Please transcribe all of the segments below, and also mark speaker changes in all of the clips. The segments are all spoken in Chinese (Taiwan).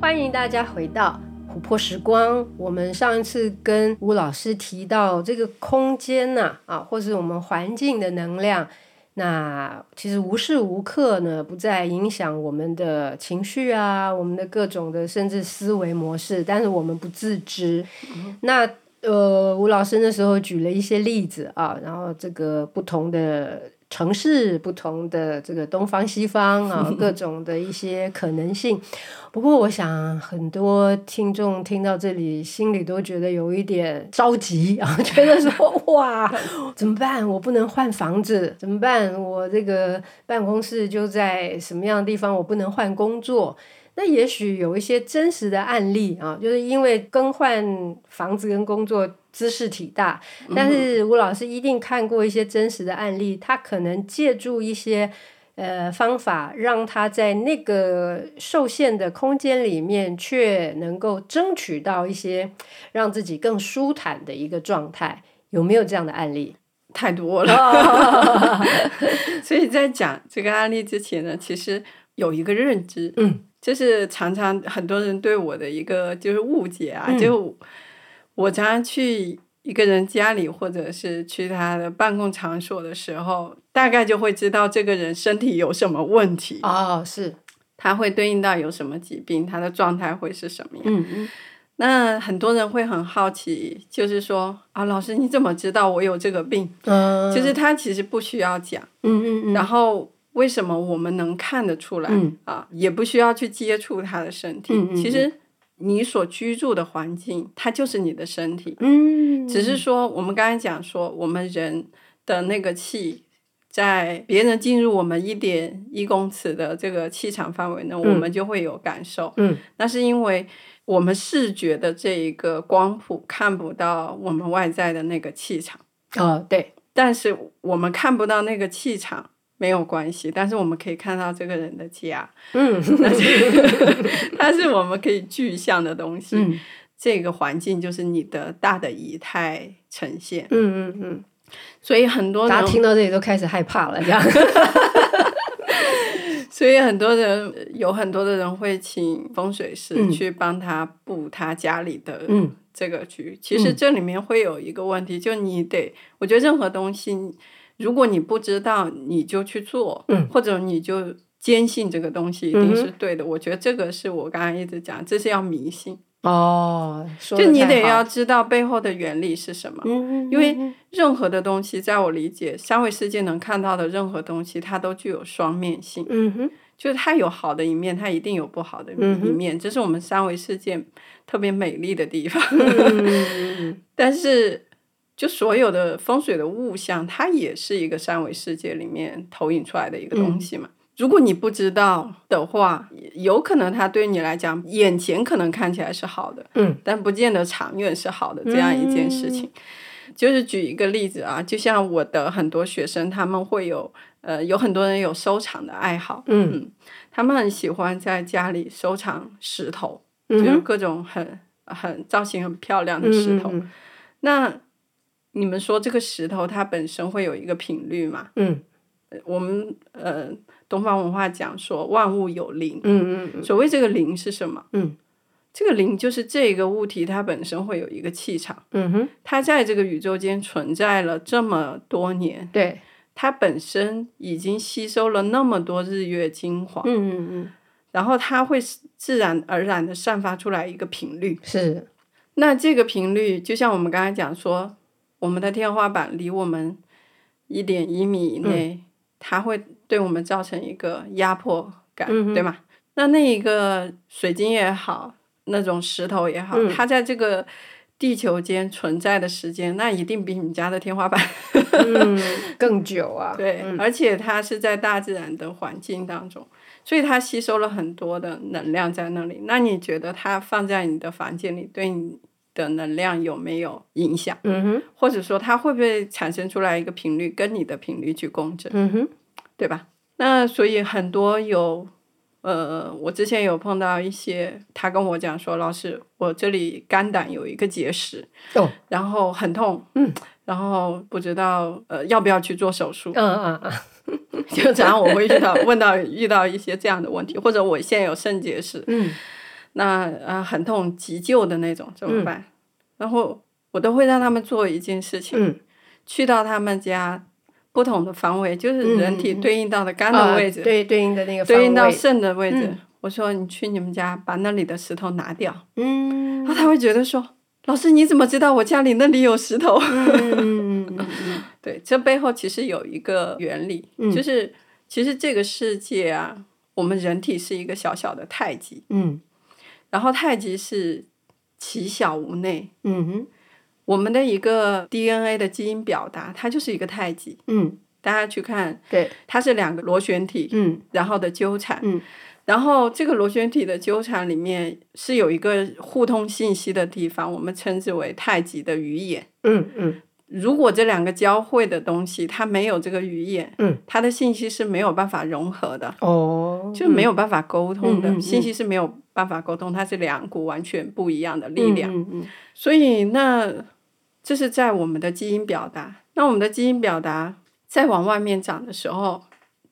Speaker 1: 歡迎大家回到。破時光，我們上一次跟吳老師提到這個空間呢、啊，啊，或是我們環境的能量，那其實無時無刻呢不在影響我們的情緒啊，我們的各種的甚至思維模式，但是我們不自知。嗯、哼那呃，吳老師那時候舉了一些例子啊，然後這個不同的。城市，不同的這個東方西方啊，各種的一些可能性。 不過，我想很多聽眾聽到這裡，心裡都覺得有一點着急啊，覺得說：“哇，怎麼辦？我不能換房子，怎麼辦？我這個辦公室就在什麼樣的地方，我不能換工作。”那也許有一些真實的案例啊，就是因為更換房子跟工作，茲事體大，嗯、但是吳老師一定看過一些真實的案例，他可能借助一些呃方法，讓他在那個受限的空間裡面，卻能夠爭取到一些讓自己更舒坦的一個狀態。有沒有這樣的案例？太多了。所以在講這個案例之
Speaker 2: 前呢，其實有一個認知。嗯。就是常常很多人對我的一個就是誤解啊，嗯、就我常常去一個人家裡或者是去他的辦公場所的時候，大概就會知道這個人身體有什麼問題？哦，是，他會對應到有什麼疾病，他的狀態會是什麼樣。嗯、那很多人會很好奇，就是說啊，老師你怎麼知道我有這個病？呃、就是他其實不需要講。嗯嗯嗯。然後。為什麼我們能看得出來、嗯、啊？也不需要去接觸他的身體。嗯、其實你所居住的環境，嗯、它就是你的身體。嗯。只是說，我們剛才講說，我們人的那個氣，在別人進入我們一點一公尺的這個氣場範圍內，嗯、我們就會有感受。嗯。那是因為我們視覺的這一個光譜看不到我們外在的那個氣場。
Speaker 1: 哦，對。
Speaker 2: 但是我們看不到那個氣場。沒有關係，但是我們可以看到這個人的家，它是它是我們可以具象的東西。嗯、這個環境就是你的大的儀態呈現。嗯嗯
Speaker 1: 嗯，所以很多人，大家聽到這裡都開始害怕了，這樣。
Speaker 2: 所以很多人有很多的人會請風水師去幫他布他家裡的這個局。嗯嗯，其實這裡面會有一個問題，就你得，我覺得任何東西。如果你不知道，你就去做，嗯、或者你就堅信這個東西一定是對的。嗯、哼我覺得這個是我剛剛一直講，這是要迷信
Speaker 1: 哦。說就你得要
Speaker 2: 知道背後的原理是什麼，嗯嗯嗯因為任何的東西，在我理解，三維世界能看到的任何東西，它都具有雙面性。嗯哼，就是它有好的一面，它一定有不好的一面。嗯、哼這是我們三維世界特別美麗的地方。嗯嗯嗯嗯 但是。就所有的風水的物象，它也是一個三維世界裡面投影出來的一個東西嘛。如果你不知道的話，有可能它對你來講，眼前可能看起來是好的，嗯，但不見得長遠是好的，這樣一件事情。嗯、就是舉一個例子啊，就像我的很多學生，他們會有呃，有很多人有收藏的愛好，嗯，嗯，他們很喜歡在家裡收藏石頭，就是各種很很造型很漂亮的石頭，嗯、那。你們說這個石頭它本身會有一個頻率嗎？嗯，我們呃，東方文化講說萬物有靈。嗯嗯嗯。所謂這個靈是什麼？嗯，這個靈就是這個物體它本身會有一個氣場。嗯哼。它在這個宇宙間存在了這麼多年。對。它本身已經吸收了那麼多日月精華。嗯嗯嗯。然後它會自然而然的散發出來一個頻率。是。那這個頻率就像我們剛才講說。我們的天花板離我們一點一米以內，嗯、它會對我們造成一個壓迫感，嗯、哼對嗎？那那一個水晶也好，那種石頭也好，嗯、它在這個地球間存在的時間，那一定比你家的天花板、嗯、 更久啊。對，嗯、而且它是在大自然的環境當中，所以它吸收了很多的能量在那裡。那你覺得它放在你的房間裡，對你？的能量有沒有影響？嗯哼，或者說它會不會產生出來一個頻率，跟你的頻率去共振？嗯哼，對吧？那所以很多有，呃，我之前有碰到一些，他跟我講說，老師，我這裡肝膽有一個結石，哦、然後很痛，嗯、然後不知道呃要不要去做手術？嗯嗯、啊、嗯、啊， 就常常我會遇到 問到遇到一些這樣的問題，或者我現在有腎結石，嗯。那呃，很痛，急救的那種，怎麼辦？嗯、然後我都會讓他們做一件事情，嗯、去到他們家不同的方位，就是人體對應到的肝的位置，嗯啊、對對
Speaker 1: 應的那個，對應到腎
Speaker 2: 的位置。嗯、我說你去你們家把那裡的石頭拿掉。嗯，然後他會覺得說，老師你怎麼知道我家裡那裡有石頭？對，這背後其實有一個原理，就是、嗯、其實這個世界啊，我們人體是一個小小的太極。嗯。然後太極是其小無內，嗯哼，我們的一個 DNA 的基因表達，它就是一個太極，
Speaker 1: 嗯，
Speaker 2: 大家去看，對，它是兩個螺旋體，嗯，然後的糾纏，嗯，然後這個螺旋體的糾纏裡面是有一個互通信息的地方，我們稱之為太極的魚眼。嗯，嗯嗯。如果這兩個交匯的東西，它沒有這個語言，嗯、它的信息是沒有辦法融合的，
Speaker 1: 哦、就沒有辦
Speaker 2: 法溝通的，嗯、信息是沒有辦法溝通，嗯、它是兩股完全不一樣的力量。嗯嗯嗯、所以那這是在我們的基因表達，那我們的基因表達再往外面長的時候，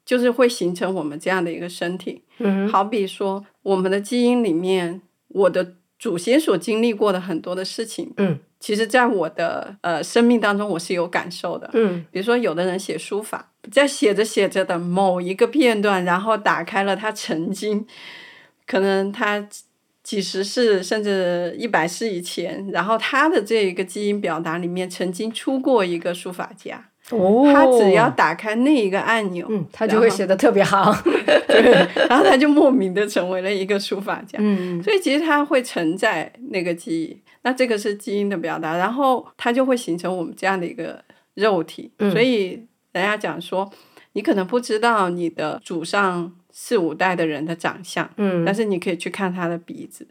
Speaker 2: 就是會形成我們這樣的一個身體。嗯、好比說，我們的基因裡面，我的。祖先所經歷過的很多的事情，嗯，其實，在我的呃生命當中，我是有感受的，嗯，比如說，有的人寫書法，在寫着寫着的某一個片段，然後打開了他曾經，可能他幾十世甚至一百世以前，然後他的這一個基因表達裡面曾經出過一個書法家。
Speaker 1: 哦、他只要打
Speaker 2: 開那一個按鈕、嗯，他就會寫
Speaker 1: 得特別好，
Speaker 2: 對，然後他就莫名的成為了一個書法家。嗯，所以其實他會承載那個記憶，那這個是基因的表達，然後他就會形成我們這樣的一個肉體。嗯，所以人家講說，你可能不知道你的祖上四五代的人的長相，嗯，但是你可以去看他的鼻子。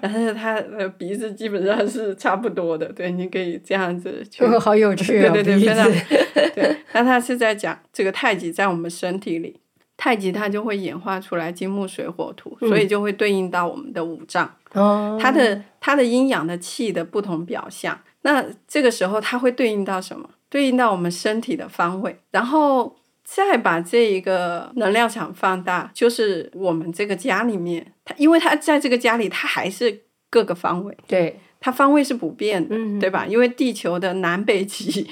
Speaker 2: 但是他的鼻子基本上是差不多的，對，你可以這樣子。這個、哦、好有趣啊！對對對，鼻子。對，那他是在講這個太極在我們身體裡，太極它就會演化出來金木水火土，所以就會對應到我們的五臟。哦、嗯。它的它的陰陽的氣的不同表象，那這個時候它會對應到什麼？對應到我們身體的方位，然後。再把這一個能量場放大，就是我們這個家裡面，它因為它在這個家裡，它還是各個方位，對，它方位是不變的，嗯嗯對吧？因為地球的南北極，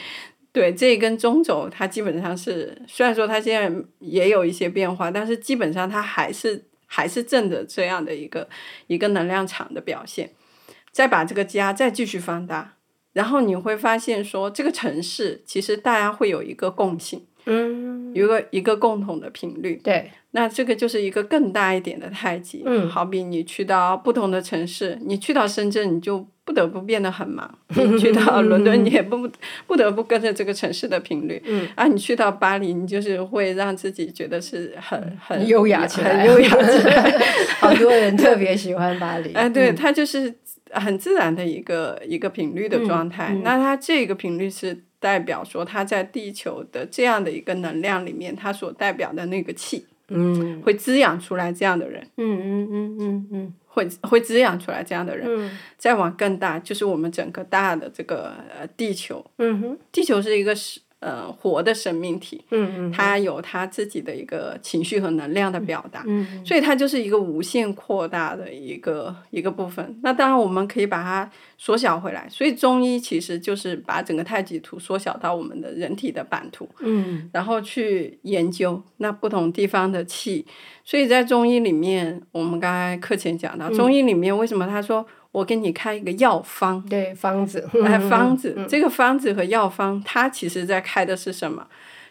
Speaker 2: 對，這一根中軸，它基本上是，雖然說它現在也有一些變化，但是基本上它還是還是正的這樣的一個一個能量場的表現。再把這個家再繼續放大，然後你會發現說，這個城市其實大家會有一個共性。嗯，有一個一個共同的頻率，對，那這個就是一個更大一點的太極。嗯，好比你去到不同的城市，你去到深圳，你就不得不變得很忙。你去到倫敦，你也不不得不跟着這個城市的頻率。嗯，啊，你去到巴黎，你就是會讓自己覺得是很很優雅，很優雅。好多
Speaker 1: 人特別喜歡巴黎。哎，對，它就是
Speaker 2: 很自然的一個一個頻率的狀態。那它這個頻率是。代表說他在地球的這樣的一個能量裡面，他所代表的那個氣，嗯，會滋養出來這樣的人，嗯嗯
Speaker 1: 嗯嗯
Speaker 2: 嗯，會會滋養出來這樣的人，再往更大就是我們整個大的這個呃地球，嗯哼，地球是一個是。呃，活的生命體，嗯嗯、它有它自己的一個情緒和能量的表達，嗯、所以它就是一個無限擴大的一個、嗯、一個部分。那當然，我們可以把它縮小回來。所以中醫其實就是把整個太極圖縮小到我們的人體的版圖，嗯、然後去研究那不同地方的氣。所以在中醫裡面，我們剛才課前講到，嗯、中醫裡面為什麼他說？我給你開一個藥方，對，方子，哎，方子，這個方子和藥方，它其實在開的是什麼？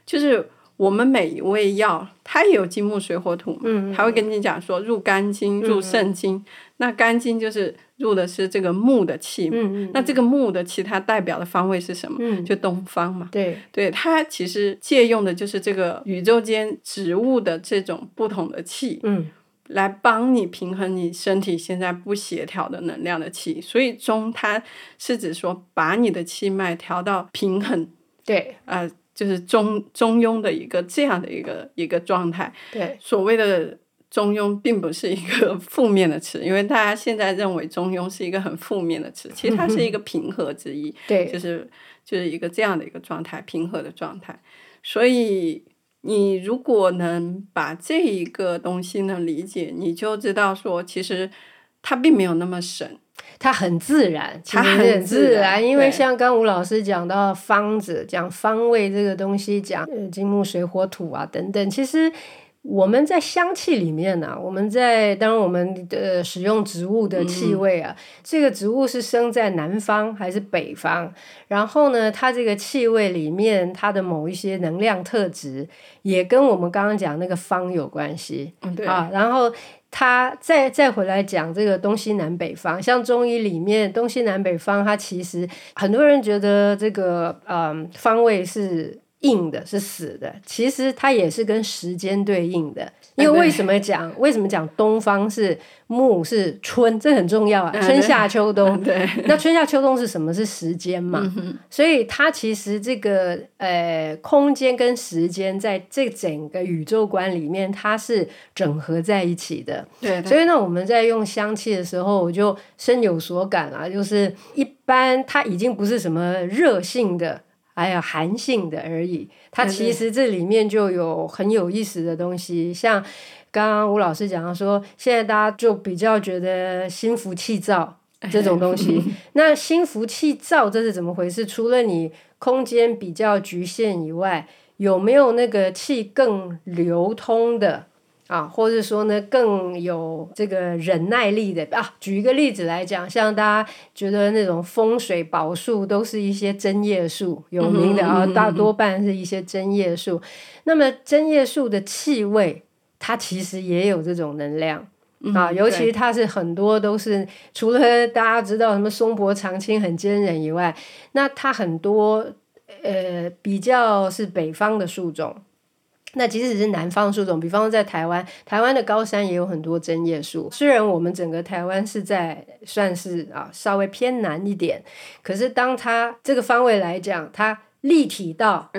Speaker 2: 就是我們每一味藥，它也有金木水火土嘛，它會跟你講說，入肝經、入腎經。那肝經就是入的是這個木的氣嘛，那這個木的氣它代表的方位是什麼？就東方嘛。對，對，它其實借用的就是這個宇宙間植物的這種不同的氣。嗯。來幫你平衡你身體現在不協調的能量的氣，所以中它是指說把你的氣脈調，調到平衡，對，啊、呃，就是中中庸的一個這樣的一個一個狀態，對。所謂的中庸並不是一個負面的詞，因為大家現在認為中庸是一個很負面的詞，其實它是一個平和之意，對， 就是就是一個這樣的一個狀態，平和的狀態，所以。你如果能把這一個東西能理解，你就知道說，其實它並沒有那麼神，
Speaker 1: 它很自然，其實很自然，它很自然，因為像剛吳老師講到房子，講對方位這個東西，講金木水火土啊等等，其實。我們在香氣裡面呢、啊，我們在當然我們的、呃、使用植物的氣味啊，嗯、這個植物是生在南方還是北方，然後呢，它這個氣味裡面，它的某一些能量特質也跟我們剛剛講那個方有關係、嗯、對啊。然後它再再回來講這個東西南北方，像中醫裡面東西南北方，它其實很多人覺得這個嗯、呃、方位是。硬的是死的，其實它也是跟時間對應的。因為為什麼講？ 為什麼講東方是木是春？這很重要啊！春夏秋冬，對， 那春夏秋冬是什麼？是時間嘛？ 所以它其實這個呃，空間跟時間在這整個宇宙觀裡面，它是整合在一起的。 對對對。所以呢，我們在用香氣的時候，我就深有所感啊。就是一般它已經不是什麼熱性的。還有、哎、寒性的而已，它其實這裡面就有很有意思的東西，嗯、像剛剛吳老師講到說，現在大家就比較覺得心浮氣躁這種東西。哎、呵呵那心浮氣躁這是怎麼回事？除了你空間比較局限以外，有沒有那個氣更流通的？啊，或者說呢，更有這個忍耐力的啊。舉一個例子來講，像大家覺得那種風水寶樹都是一些針葉樹有名的啊、嗯哼哦，大多半是一些針葉樹。嗯、哼那麼針葉樹的氣味，它其實也有這種能量、嗯、啊，尤其它是很多都是對除了大家知道什麼松柏常青很堅韌以外，那它很多呃比較是北方的樹種。那即使是南方樹種，比方說在台灣，台灣的高山也有很多針葉樹。雖然我們整個台灣是在算是啊，稍微偏南一點，可是當它這個方位來講，它立體到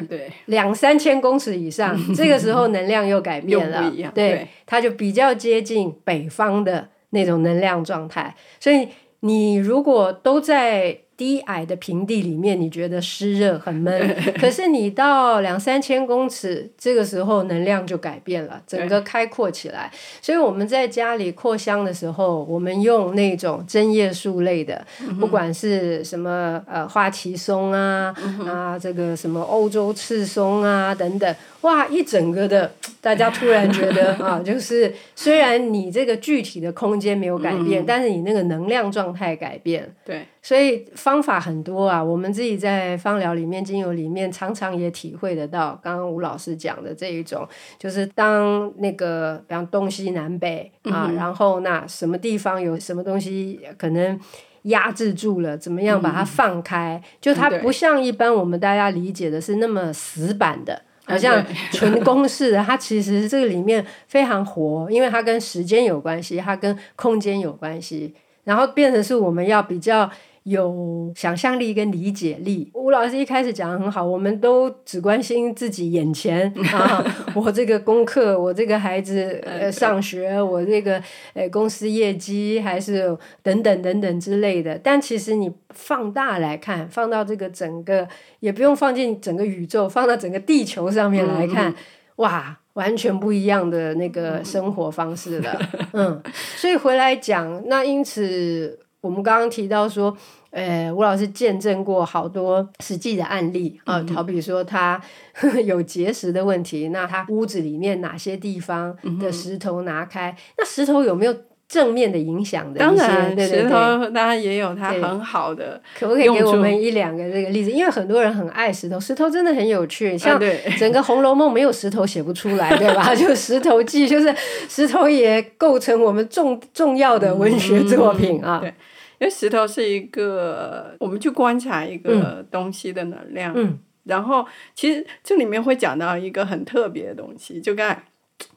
Speaker 1: 兩三千公尺以上，對這個時候能量又改變了， 啊、對，對，它就比較接近北方的那種能量狀態。所以你如果都在低矮的平地裡面，你覺得濕熱很悶。 可是你到兩三千公尺，這個時候能量就改變了，整個開闊起來。對所以我們在家裡擴香的時候，我們用那種針葉樹類的，嗯、哼不管是什麼呃花旗松啊，嗯、哼啊，這個什麼歐洲赤松啊等等，哇，一整個的，大家突然覺得啊， 就是雖然你這個具體的空間沒有改變，嗯、哼但是你那個能量狀態改變。對，所以。方法很多啊，我們自己在芳療裡面、精油裡面，常常也體會得到。剛剛吳老師講的這一種，就是當那個，比方東西南北、嗯、哼啊，然後那什麼地方有什麼東西可能壓制住了，怎麼樣把它放開？嗯、就它不像一般我們大家理解的是那麼死板的，嗯、對好像純公式的。 它其實這個裡面非常活，因為它跟時間有關係，它跟空間有關係，然後變成是我們要比較。有想象力跟理解力。吳老師一開始講得很好，我們都只關心自己眼前 啊，我這個功課，我這個孩子、呃、上學，我這個呃公司業績還是等等等等之類的。但其實你放大來看，放到這個整個，也不用放進整個宇宙，放到整個地球上面來看， 哇，完全不一樣的那個生活方式了。嗯，所以回來講，那因此。我們剛剛提到說，呃，吳老師見證過好多實際的案例、嗯、哼啊，好比說他呵呵有結石的問題，那他屋子裡面哪些地方的石頭拿開。嗯、哼那石頭有沒有？正面的影響的，當然、啊、對對對，石頭當
Speaker 2: 然也有它很好的，
Speaker 1: 可不可以給我們一兩個這個例子？因為很多人很愛石頭，石頭真的很有趣。像整個《紅樓夢》沒有石頭寫不出來，嗯、對，對吧？就《石頭記》， 就是石頭也構成我們重重要的文學作品啊、嗯嗯對。
Speaker 2: 因為石頭是一個，我們去觀察一個東西的能量。嗯、然後其實這裡面會講到一個很特別的東西，就跟。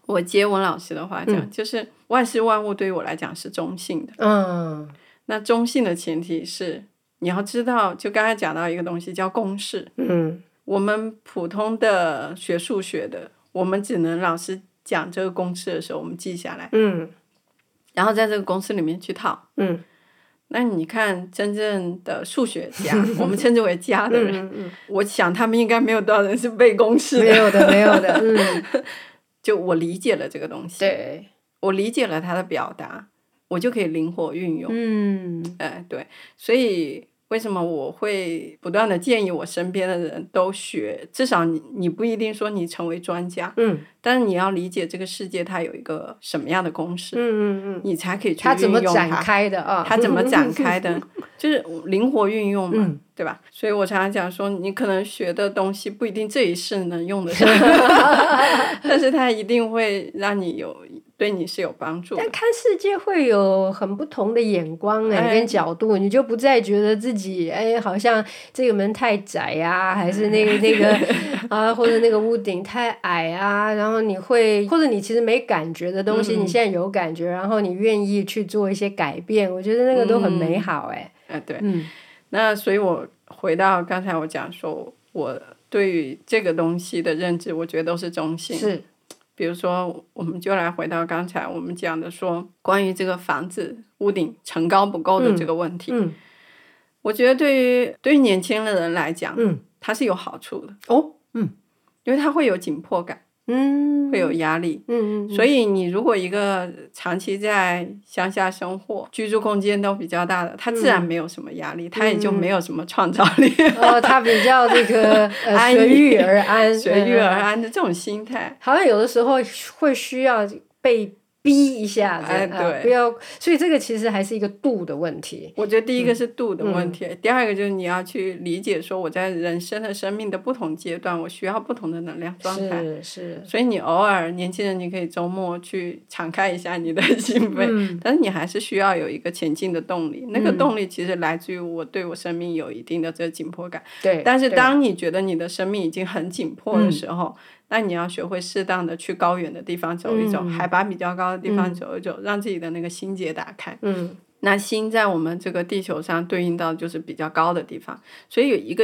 Speaker 2: 我接我老師的話講，嗯、就是萬事萬物對於我來講是中性的。嗯，那中性的前提是你要知道，就剛才講到一個東西叫公式。嗯，我們普通的學數學的，我們只能老師講這個公式的時候，我們記下來。嗯，然後在這個公式裡面去套。嗯，那你看真正的數學家， 我們稱之為家的人，嗯嗯我想他們應該沒有多少人是背公式。沒有的，沒有的。 嗯。就我理解了這個東西，對，我理解了他的表達，我就可以靈活運用。嗯，哎，對，所以為什麼我會不斷的建議我身邊的人都學？至少你，你不一定說你成為專家，嗯，但是你要理解這個世界它有一個什麼樣的公式，嗯嗯嗯，你才可以去運用它，它怎麼展開
Speaker 1: 的啊？它怎麼展開的？
Speaker 2: 就是靈活運用嘛。嗯對吧？所以我常常講說，你可能學的東西不一定這一世能用得上， 但是它一定會讓你有對你是有幫助。
Speaker 1: 但看世界會有很不同的眼光、欸、哎，跟角度，你就不再覺得自己哎，好像這個門太窄呀、啊，還是那個那個 啊，或者那個屋頂太矮啊，然後你會或者你其實沒感覺的東西，嗯、你現在有感覺，然後你願意去做一些改變，我覺得那個都很美好哎、欸嗯。哎，對，嗯。那所以，我回到剛才我講說，我對於
Speaker 2: 這個東西的認知，我覺得都是中性。是。比如說，我們就來回到剛才我們講的說，關於這個房子屋頂層高不夠的這個問題，嗯，嗯，我覺得對於對於年輕的人來講，嗯，它是有好處的哦，嗯，因為它會有緊迫感。嗯，會有壓力，嗯，嗯嗯，所以你如果一個長期在鄉下生活、嗯、居住空間都比較大的，他自然沒有什麼壓力，他、嗯、也就沒有什麼創造力。嗯、
Speaker 1: 哦，他比較這、那個隨遇 裕而安，隨遇而安的、嗯、這種心態，好像有的時候會需要被。逼一下子、哎、對、啊，不要，所以這個其實還是一個度的問題。我覺得第一個是度的問題，嗯、
Speaker 2: 第二個就是你要去理解，說我在人生的、生命的不同階段，我需要不同的能量狀態。是是。
Speaker 1: 是
Speaker 2: 所以你偶爾年輕人，你可以周末去敞開一下你的心扉，嗯、但是你還是需要有一個前進的動力。嗯、那個動力其實來自於我對我生命有一定的這個緊迫感。對、嗯。但是當你覺得你的生命已經很緊迫的時候。嗯那你要學會適當的去高遠的地方走一走，嗯、海拔比較高的地方走一走，嗯、讓自己的那個心結打開。嗯，那心在我們這個地球上對應到就是比較高的地方。所以有一個，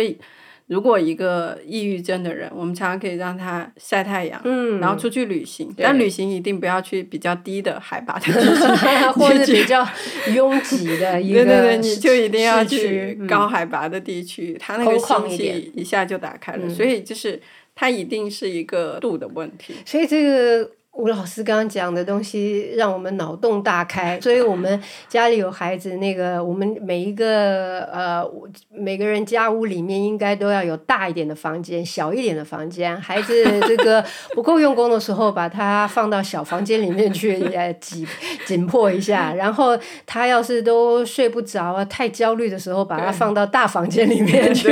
Speaker 2: 如果一個抑鬱症的人，我們常常可以讓他曬太陽，嗯，然後出去旅行。對但旅行一定不要去比較低的海拔的地區，或者、嗯、 比較擁擠
Speaker 1: 的 對。對對對，你就
Speaker 2: 一定要去高海拔的地區，它、嗯、那個心結一下就打開了。所以就是。它一定是一個度的問題，
Speaker 1: 所以這個。吳老師剛剛講的東西讓我們腦洞大開，所以我們家裡有孩子，那個我們每一個呃，每個人家屋裡面應該都要有大一點的房間，小一點的房間。孩子這個不夠用功的時候，把他放到小房間裡面去，也擠緊迫一下。然後他要是都睡不着啊，太焦慮的時候，把他放到大房間裡面去、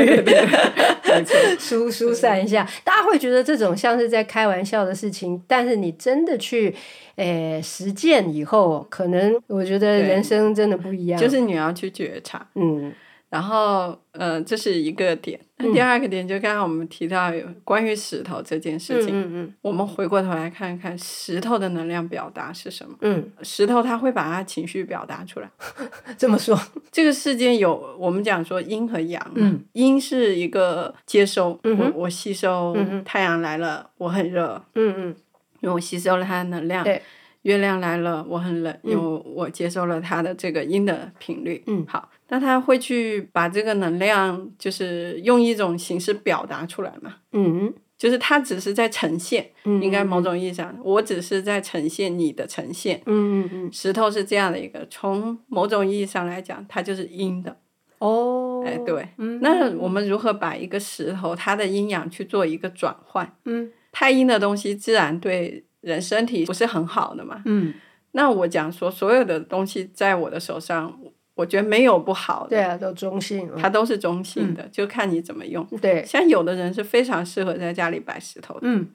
Speaker 1: 嗯， 疏疏散一下。的大家會覺得這種像是在開玩笑的事情，但是你，真的去，誒、呃，實踐以後，可能我覺得人生真的不一樣。就是你要去覺察，嗯，
Speaker 2: 然後，呃，這是一個點。嗯、第二個點就剛剛我們提到關於石頭這件事情，嗯，嗯，嗯，我們回過頭來看一看石頭的能量表達是什麼？嗯，石頭它會把它情緒表達出來。
Speaker 1: 這麼說，這個
Speaker 2: 世間有我們講說陰和陽，嗯，陰是一個接收，嗯、哼我我吸收，太陽來了，嗯、哼我很熱，嗯嗯。因為我吸收了它的能量，對月亮來了我很冷，嗯、因為我接收了它的這個陰的頻率。嗯、好，那他會去把這個能量，就是用一種形式表達出來嘛。嗯，嗯，就是它只是在呈現，嗯嗯嗯應該某種意義上，我只是在呈現你的呈現。嗯嗯，嗯石頭是這樣的一個，從某種意義上來講，它就是陰的。哦。哎，對。嗯，嗯。那我們如何把一個石頭它的陰陽去做一個轉換？嗯。太陰的東西，自然對人身體不是很好的嘛。嗯。那我講說，所有的東西在我的手上，我我覺得沒有不好的。對啊，
Speaker 1: 都中性。它
Speaker 2: 都是中性的，嗯、就看你怎麼用。對。像有的人是非常適合在家裡擺石頭的。嗯。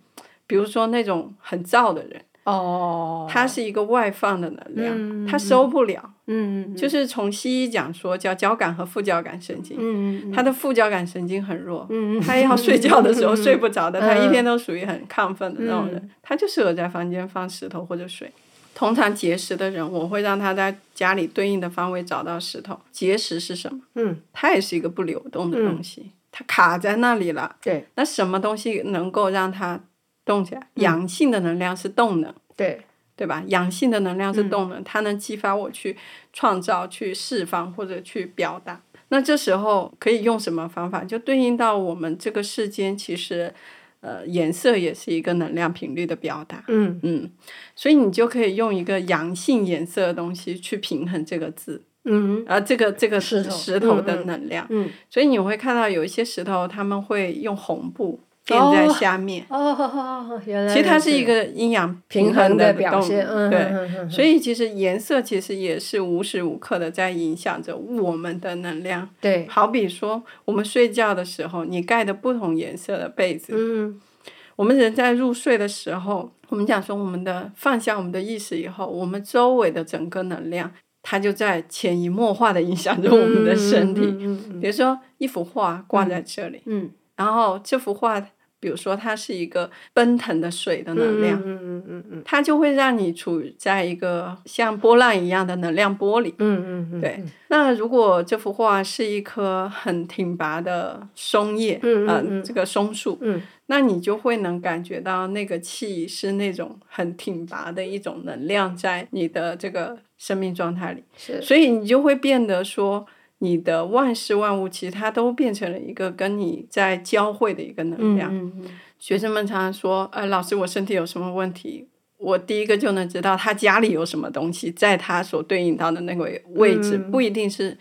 Speaker 2: 比如說那種很燥的人。哦，他是一個外放的能量，他收不了，就是從西醫講說叫交感和副交感神經，他的副交感神經很弱，他要睡覺的時候睡不着的，他一天都屬於很亢奮的那種人，他就適合在房間放石頭或者水。通常結石的人，我會讓他在家裡對應的方位找到石頭。結石是什麼？嗯，它也是一個不流動的東西，它卡在那裡了。對。那什麼東西能夠讓他？動起來，陽性的能量是動能，對、嗯、對吧？陽性的能量是動能，嗯、它能激發我去創造、去釋放或者去表達。那這時候可以用什麼方法？就對應到我們這個世間，其實，呃，顏色也是一個能量頻率的表達。嗯嗯，所以你就可以用一個陽性顏色的東西去平衡這個字。嗯，而這個這個是石頭的能量。嗯，嗯，嗯，所以你會看到有一些石頭，他們會用紅布。墊在下面。哦，
Speaker 1: 哦原來。其實它是一個陰陽平衡的平衡表現，對，嗯、哼哼哼哼所
Speaker 2: 以其實顏色其實也是無時無刻的在影響着我們的能量。對。好比說，我們睡覺的時候，你蓋的不同顏色的被子。嗯。我們人在入睡的時候，我們講說我們的放下我們的意識以後，我們周圍的整個能量，它就在潛移默化的影響着我們的身體。嗯嗯嗯嗯、比如說一幅畫掛在這裡。嗯。嗯然後這幅畫，比如說它是一個奔騰的水的能量，嗯嗯嗯嗯、它就會讓你處在一個像波浪一樣的能量波裡、嗯。嗯嗯對嗯。對。那如果這幅畫是一棵很挺拔的松葉，嗯，呃、嗯這個松樹，嗯，嗯那你就會能感覺到那個氣是那種很挺拔的一種能量在你的這個生命狀態裡，是。所以你就會變得說。你的萬事萬物，其實它都變成了一個跟你在交匯的一個能量。嗯嗯嗯，學生們常常說：“哎、呃，老師，我身體有什麼問題？”我第一個就能知道他家裡有什麼東西，在他所對應到的那個位置，嗯嗯，不一定是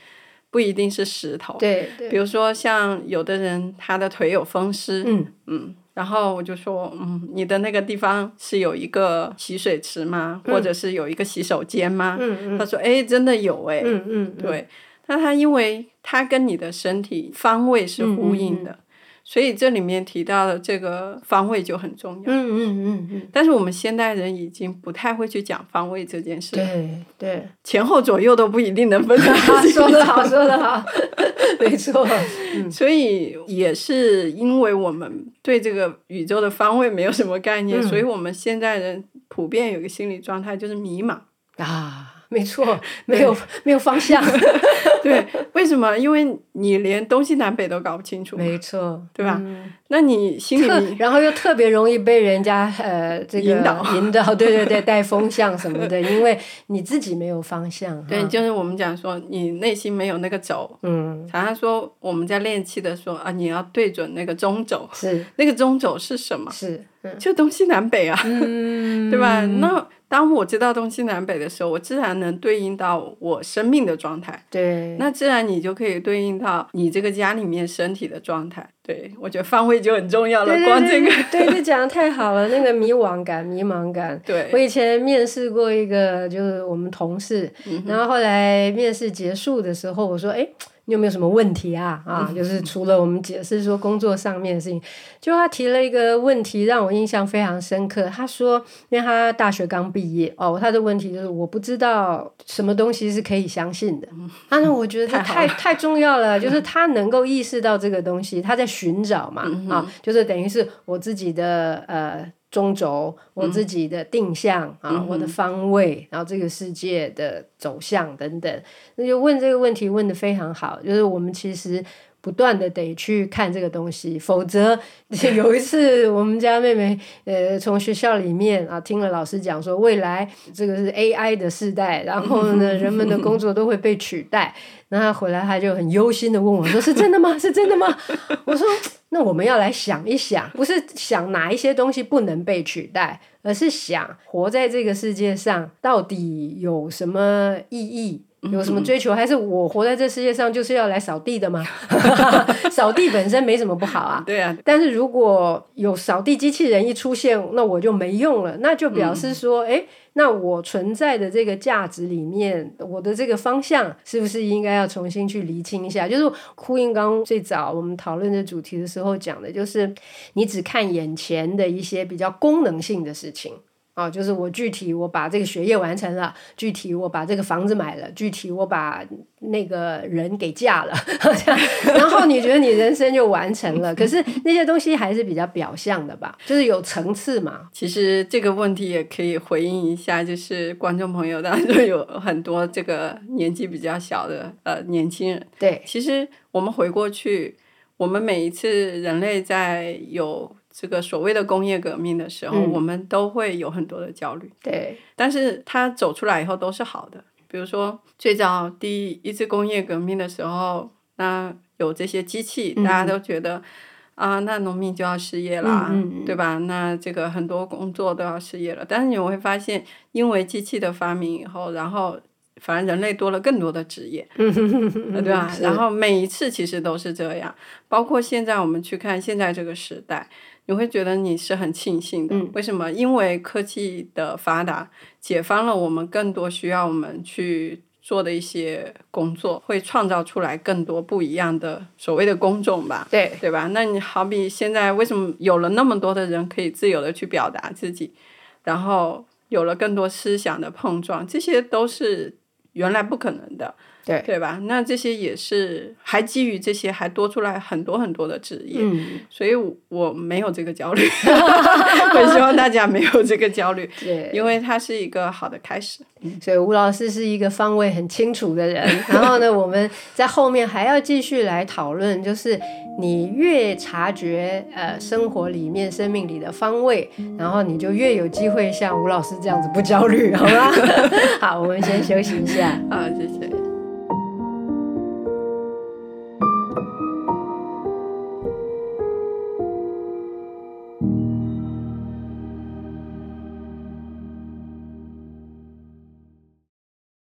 Speaker 2: 不一定是石頭。對，對，比如說像有的人他的腿有風濕，嗯嗯，然後我就說：“嗯，你的那個地方是有一個洗水池嗎？嗯、或者是有一個洗手間嗎？”嗯嗯，他說：“哎，真的有哎、欸。嗯
Speaker 1: 嗯嗯”對。
Speaker 2: 那它因為它跟你的身體方位是呼應的，嗯、所以這裡面提到的這個方位就很重要。嗯嗯嗯，嗯但是我們現代人已經不太會去講方位這件事對。對對。前後左右都不一定能分，啊、得清。 說得好，說得好， 沒錯。嗯、所以也是因為我們對這個宇宙的方位沒有什麼概念，嗯、所以我們現代人普遍有個心理狀態就是迷茫啊。沒錯，沒有沒有方向，對，為什麼？因為你連東西南北都搞不清楚，沒錯，對吧？那你
Speaker 1: 心裡，然後又特別容易被人家呃這引導引導，對對對，帶風向什麼的，因為你自己沒有方向，對，就
Speaker 2: 是我們講說你內心沒有那個軸，嗯，常常說我們在練氣的時候啊，你要對準那個中軸，是那個中軸是什麼？是。就東西南北啊，嗯、 對吧？那當我知道東西南北的時候，我自然能對應到我生命的狀態。對，那自然你就可以對應到你這個家裡面身體的狀態。對，我覺得方位就很重要了。對對對對，光
Speaker 1: 這個，對，這講的太好了。 那個迷惘感、迷茫感。對。我以前面試過一個，就是我們同事，嗯、哼然後後來面試結束的時候，我說：“哎。”你有沒有什麼問題啊？ 啊，就是除了我們解釋說工作上面的事情，就他提了一個問題讓我印象非常深刻。他說，因為他大學剛畢業，哦，他的問題就是我不知道什麼東西是可以相信的。但是、嗯、我覺得他太太，太重要了，就是他能夠意識到這個東西，他在尋找嘛，嗯、哼啊，就是等於是我自己的呃。中軸，我自己的定向、嗯、啊，我的方位，嗯、哼然後這個世界的走向等等，那就問這個問題問得非常好，就是我們其實不斷的得去看這個東西。否則有一次我們家妹妹呃從學校裡面啊聽了老師講說未來這個是 AI 的時代，然後呢人們的工作都會被取代，那、嗯、哼回來他就很憂心的問我說是真的嗎？是真的嗎？ 我說，那我們要來想一想，不是想哪一些東西不能被取代，而是想活在這個世界上到底有什麼意義，有什麼追求，嗯、哼還是我活在這世界上就是要來掃地的嗎？ 掃地本身沒什麼不好啊。對啊對。但是如果有掃地機器人一出現，那我就沒用了，那就表示說，哎、嗯。誒那我存在的這個價值裡面，我的這個方向是不是應該要重新去釐清一下？就是呼應剛最早我們討論的主題的時候講的，就是你只看眼前的一些比較功能性的事情。啊、哦，就是我具體我把這個學業完成了，具體我把這個房子買了，具體我把那個人給嫁了，然後你覺得你人生就完成了？ 可是那些東西還是比較表象的吧，就是有層次嘛。其
Speaker 2: 實這個問題也可以回應一下，就是觀眾朋友當中有很多這個年紀比較小的呃年輕人，對，其實我們回過去，我們每一次人類在有。這個所謂的工業革命的時候，嗯、我們都會有很多的焦慮。對，但是它走出來以後都是好的。比如說最早第一次工業革命的時候，那有這些機器，大家都覺得、嗯、哼啊，那農民就要失業了，嗯嗯嗯對吧？那這個很多工作都要失業了。但是你會發現，因為機器的發明以後，然後反正人類多了更多的職業，嗯
Speaker 1: 呵呵嗯對吧？是然後
Speaker 2: 每一次其實都是這樣，包括現在我們去看現在這個時代。你會覺得你是很慶幸的，嗯。為什麼？因為科技的發達解放了我們更多需要我們去做的一些工作，會創造出來更多不一樣的所謂的工種吧？對，對吧？那你好比現在為什麼有了那麼多的人可以自由的去表達自己，然後有了更多思想的碰撞，這些都是原來不可能的。對對吧？對，那這些也是，還基於這些，還多出來很多很多的職業，嗯、所以我沒有這個焦慮，很希望大家沒有這個焦慮，對，因為它是一個好的開
Speaker 1: 始。所以吳老師是一個方位很清楚的人。 然後呢，我們在後面還要繼續來討論，就是你越察覺呃生活裡面、生命裡的方位，然後你就越有機會像吳老師這樣子不焦慮，好嗎？ 好，我們先休息一下。 好，謝謝。